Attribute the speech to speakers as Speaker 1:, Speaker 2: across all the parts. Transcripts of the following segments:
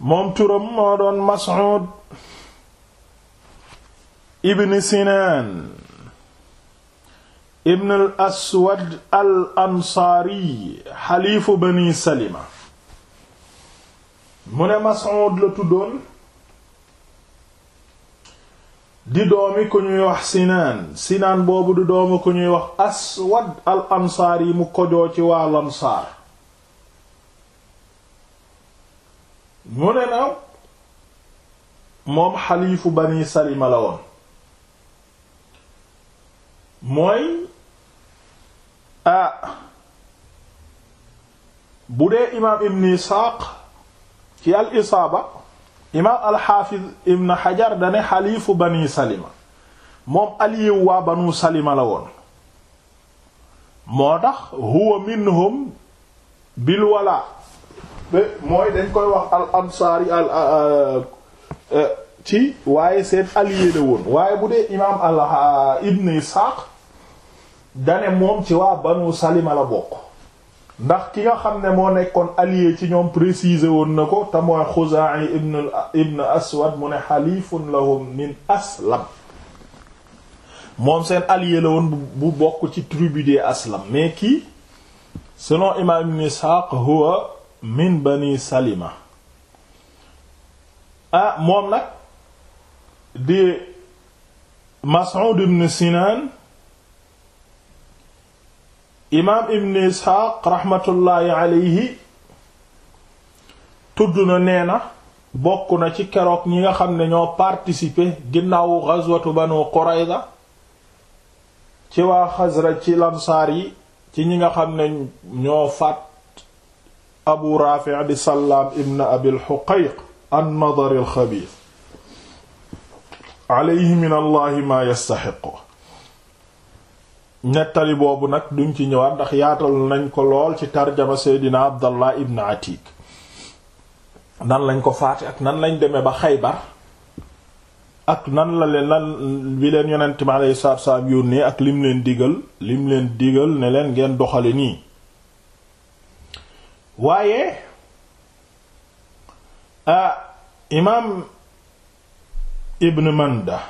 Speaker 1: moom turam moo doon Mas'ud ibn Sinaan ibn al Aswad al Ansaari xaliifu Bani Salima mu ne Mas'ud la tuddoon di doomi ku ñuy wax Sinaan Sinaan boobu di doomi ku ñuy wax Aswad al Ansaari mu kojoo ci waa Ansaar mu ne naaw moom xaliifu bani salima la woon mooy a bu dee imaam ibn isxaaq ci al isaaba imaam alxaafiz ibn xajar dane xaliifu bani salima moom aliyew waa banu salima la woon moo tax huwa minhum bil walaa mooy dañ koy wax al ansaari al ci waaye seen allié la woon waaye bu dee imaam al ibn Isaaq dane moom ci waa banu salima la bokk ndax ki nga xam ne moo nekkoon allié ci ñoom préciser woon na ko te mooy Xuzaa'i ibn ibn Aswad mu ne xalifun lahum min aslam moom seen allié la woon bu bokk ci tribu des aslam mais kii selon imaam ibn Isaaq huwa min bani salima ah moom nag di mas'ud ibn sinan imaam ibn isxaaq raxmatullaahi aleyhi tudd na neena bokk na ci keroog ñi nga xam ne ñoo participer ginnaawu gazwatu banu qurayza ci waa xasra ci lamsaar yi ci ñi nga xam ne ñoo faat abu raafi' di salaam ibn abil xuqayq an-nadari al-xabiis alayhi min allahi maa nettali boobu nag duñ ci ñëwaat ndax yaatal nañ ko lool ci tarjama seydina abdallah ibn atiik nan lañ ko faati ak nan lañ demee ba xaybar ak nan la leen bi leen yonent mi alayhi salaatu wa salaam ak lim leen digal lim leen digal ne leen ngeen doxale nii waaye a imaam ibn manda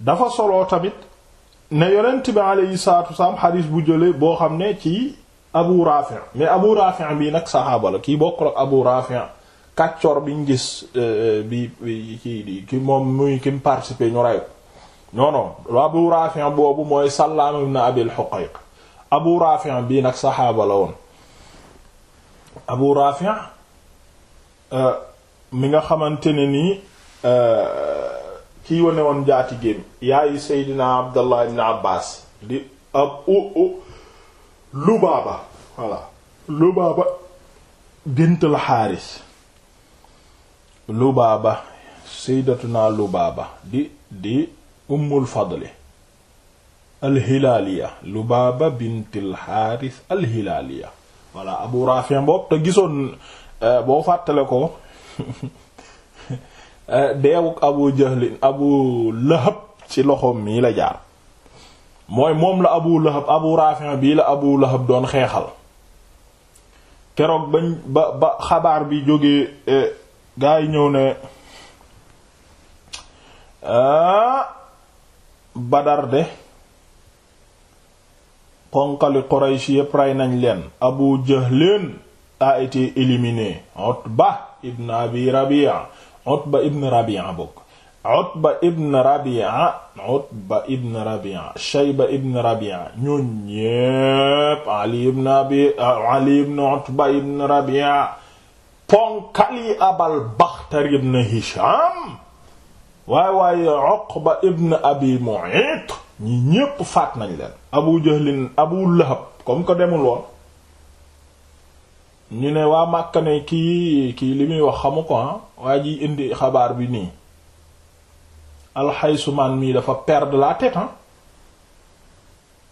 Speaker 1: dafa soloo tamit ne yonent bi aleyhi salatu wasalaam xadis bu jële boo xam ne ci abu rafi mais abu rafi bii nag saxaaba la kii bokkul ak abu rafi kàccor biñ gis e, bi ki ki moom muy kim participer ñu rey non non abu rafi boobu mooy sallaam ibn bii nag saxaaba la woon abu rafi' ah, euh, mi nga xamante ne nii euh, kiy wane woon jaati génn yaayu seydina abdallah ibn abbas di ab u u lubaaba voilà lubaaba bint al xaaris lubaaba seydatuna lubaaba di di ummul fadli al hilaaliya lubaaba bint al xaaris al hilaaliya voilà Abu Rafi boobu te gisoon euh, boo fàttale ko euh, deewuk Abu Jahlin Abu Lahab ci loxoom mii la jaar mooy moom la Abu Lahab Abu Rafi bii la Abu Lahab doon xeexal keroog ba ba xabaar bi jógee euh, gaa ñëw ne ah, Badar de konqali Quraysh yépp rey nañ leen Abu Jahl a été éliminé Utba ibn Abi Rabi'a Utba ibn Rabi'a bokk Utba ibn Rabi'a Utba ibn Rabi'a Shayba ibn Rabi'a ñun ñépp Ali ibn Abi Ali ibn Utba ibn Rabi'a ponkali Abal Bakhtari ibn Hisham waaye waaye Uqba ibn Abi Mu'ayt ñi ñépp faat nañ leen abu jahlin abu lahab comme ko demul woon ñu ne waa Màkka ne kii kii li muy wax xamu ko ah waa ji indi xabaar bi nii alxaysumaan mii dafa perdre la tête ah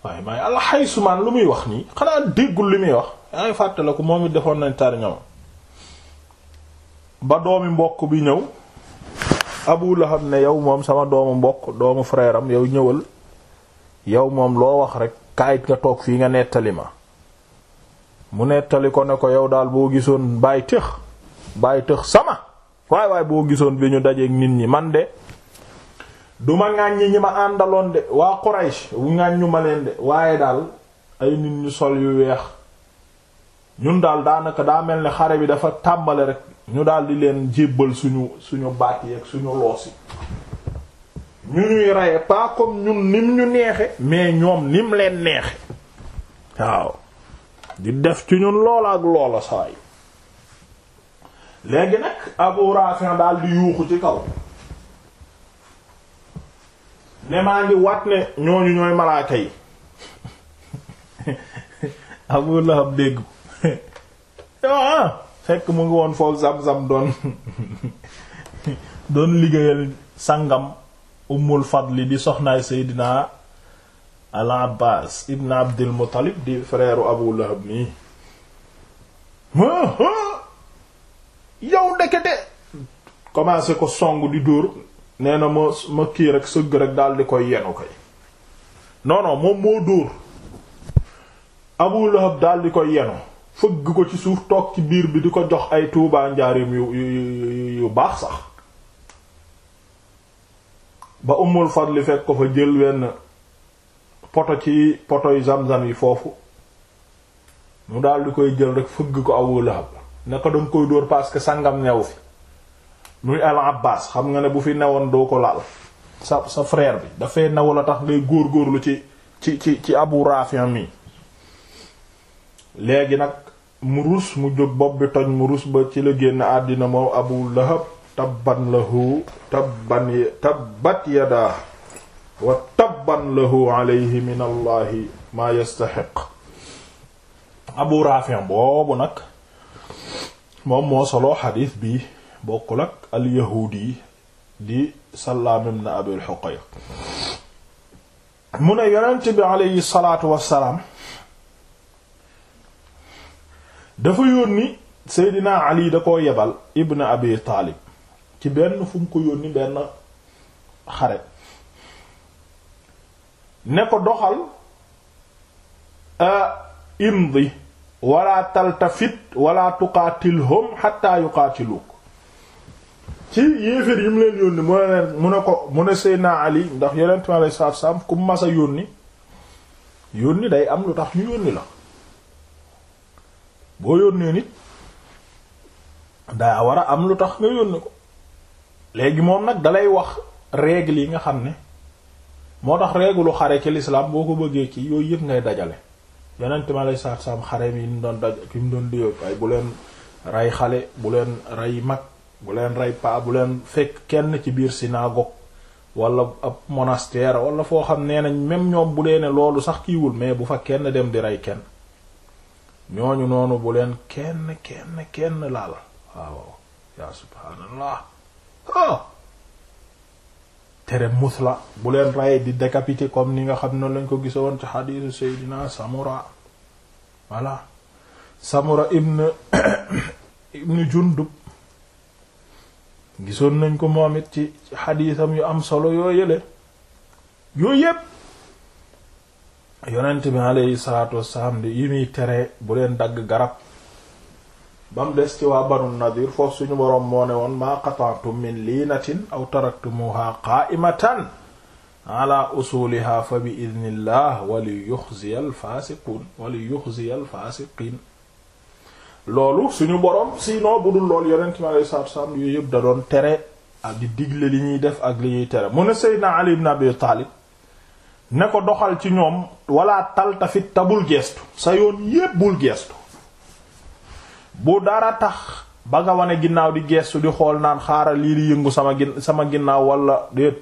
Speaker 1: waaye maay alxaysumaan lu muy wax nii xanaa déggul li muy wax fàttale ko moom it defoon nañ tar ñoom ba doomi mbokk bi ñëw abu lahab ne yow moom sama doomu mbokk doomu frère am yow ñëwal yow moom loo wax rekk kaayit nga toog fii nga nettali ma mu nettali ko ne ko yow daal boo gisoon bàyyi tëx bàyyi tëx sama waay waay boo gisoon bi ñu dajeek nit ñi man de duma ŋàññi ñi ma àndaloon de waa Quraysh bu ŋàññu ma leen de waaye daal ay nit ñu sol yu weex ñun daal daanaka daa mel ni xare bi dafa tàmbale rek ñu daal di leen jébbal suñu suñu baat yi ak suñu loos yi ñu ñuy reye pas comme ñun nim ñu neexe mais ñoom nim leen neexe waaw di def ci ñun loola ak loola saay léegi nag Abu Rafi daal di yuuxu ci kaw ne maa ngi wat ne ñooñu ñooy malaaka yi Abu Lahab dégg ah fekk mu ngi woon foofu zam-zam doon doon liggéeyal sangam ummul fadli bi soxnaay seydina al abbaas ibn abdil muttalib di frère abu lahab mi yow ndekete commencé ko song di dóor nee na ma ma kii rek sëgg rek daal di koy yenu koy non moom moo dóor abu lahab daal koy yenu fëgg ko ci suuf toog ci biir bi di ko jox ay tuubaa njaarim yu yu yu baax sax ba umul fadli fekk ko fa jël wenn poto ci poto potoy zam-zam yi foofu mu daal di koy jël rek fëgg ko Abu Lahab naka danga koy dóor parce que sangam newu fi muy al xam nga ne bu fi newoon doo ko laal sa sa frère bi dafay newu la tax ngay góorgóorlu ci ci ci ci Abu Rafi mi léegi nag mu mu jóg bopp bi toj mu rus ba ci la génn àddina moom Abu Lahab tabban lahu tabban tabbat yadaa wa tabban lahu alayhi yastaxiq abu raafi boobu nag moom moo soloo xadiis bi bokkul ak alyahuudi di salaam ibn abil xuqayq mu ne yonent bi aleyhi salaatu wassalaam dafa yónni seydina ali da ko yebal ibn abi taalib ci benn fu mu ko yónni benn xare ne ko doxal imdi wala taltafit wala tuqaatilhum hatta yuqaatiluk ci yéeféer yi mu leen yónni mu ne leen mu ne ko mu ne Seydina Ali ndax yonent mi alayhi salaatu salaam ku mas yónni yónni day am lu tax ñu yónni la boo yónnee nit daa war a am lu tax nga yónni ko léegi moom nag dalay wax règle yi nga xam ne moo tax règle xare ci l'islam boo ko bëggee ci yooyu yëpp ngay dajale yeneen ma lay saat saam xare yi mu doon daj ki mu doon diyo ay bu leen rey xale bu leen rey mag bu leen rey paa bu leen fekk kenn ci biir synagogue walla ab monastère wala foo xam nee nañ même ñoom bu dee ne loolu sax kiiwul mais bu fa kenn dem di rey kenn ñooñu noonu bu leen kenn kenn kenn laal waaw yaa subhaanallah ah tere musla bu leen rey di décapité comme ni nga xam ne lañ ko gisoon ci xadiisu Seydina Samura voilà Samura ibn ibn Jundub gisoon nañ ko moom it ci xadiisam yu am solo yoo yële yooyu yépp yonent bi aleyhi salaatu wassalaam di yi muy tere bu leen dagg garab ba mu des ci waa banu nadir foofu suñu boroom moo ne woon maa qata'tum min liinatin aw taraktumuha qaa'imatan ala usuliha fa bi idnillah wali yuxziyal faasiqun loolu suñu boroom sinon bu dul lool yonent mi alayhi salaatu salaam yooyu yëpp da doon tere di digle li ñuy def ak li ñuy tere mu ne Seydina Ali ibn Abi Taalib ne ko doxal ci ñoom wala taltafit ta bul geestu sa yoon yépp bul geestu bu dara tax ba nga wane ginnaaw di geestu di xool naan xaaral lii di yëngu sama gin sama ginnaaw walla déet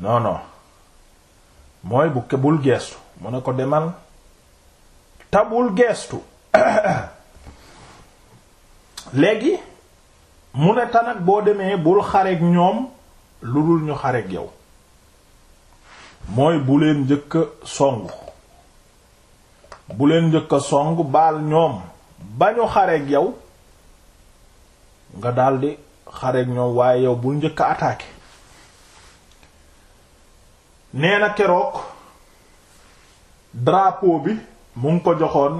Speaker 1: non mooy bu bul geestu mu ne ko demal te geestu léegi mu ne tanag boo demee bul xareeg ñoom lu dul ñu xareeg yow mooy bu leen njëkk song bu leen njëkk a song baal ñoom bañu xareeg yow nga daldi xareeg ñoom waaye yow bul njëkk a attaqué nee keroog drapeau bi mu ngi ko joxoon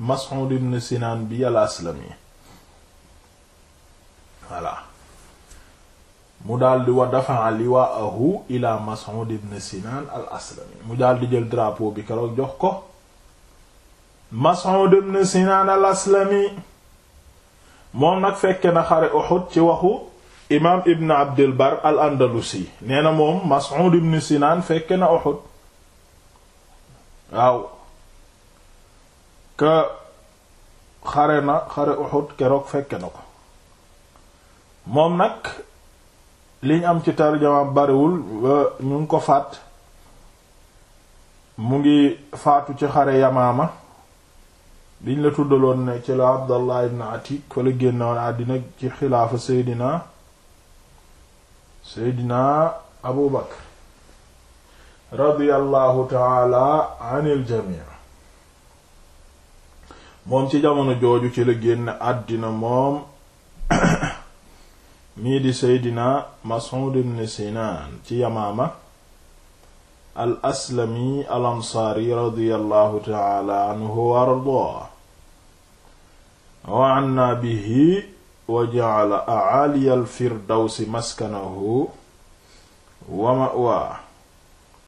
Speaker 1: Mas'ud ibn Sinan bi al-Aslami voilà mu daldi wa dafa'a liwa'ahu ila Mas'ud ibn Sinan al-Aslami mu daldi jël drapo bi keroog jox ko Mas'ud ibn Sinaan al-Aslami moom nag fekke na xare Uhud ci waxu imaam ibn Abdul Bar al-Andalusi nee na moom Mas'ud ibn Sinaan fekke na Uhud waaw ka xare na xare Uhud keroog fekke na ko moom nag liñ am ci tarjama bariwul ñu ngi ko faat mu ngi faatu ci xare Yamaama biñ la tuddaloon ne ci la abdallah ibn atik wala génnoon àddina ci xilaafa seydina seydina abu bakar radiyallahu taala anil jamii moom ci jamono jooju ci la génn àddina moom mii di seydina mas'ud ibn sinaan ci yamama al aslami al ansaari radiyallahu taala anhu wa ardaa wa anna bihi wa ja'ala a'ali al-firdawsi maskanahu wa ma'waa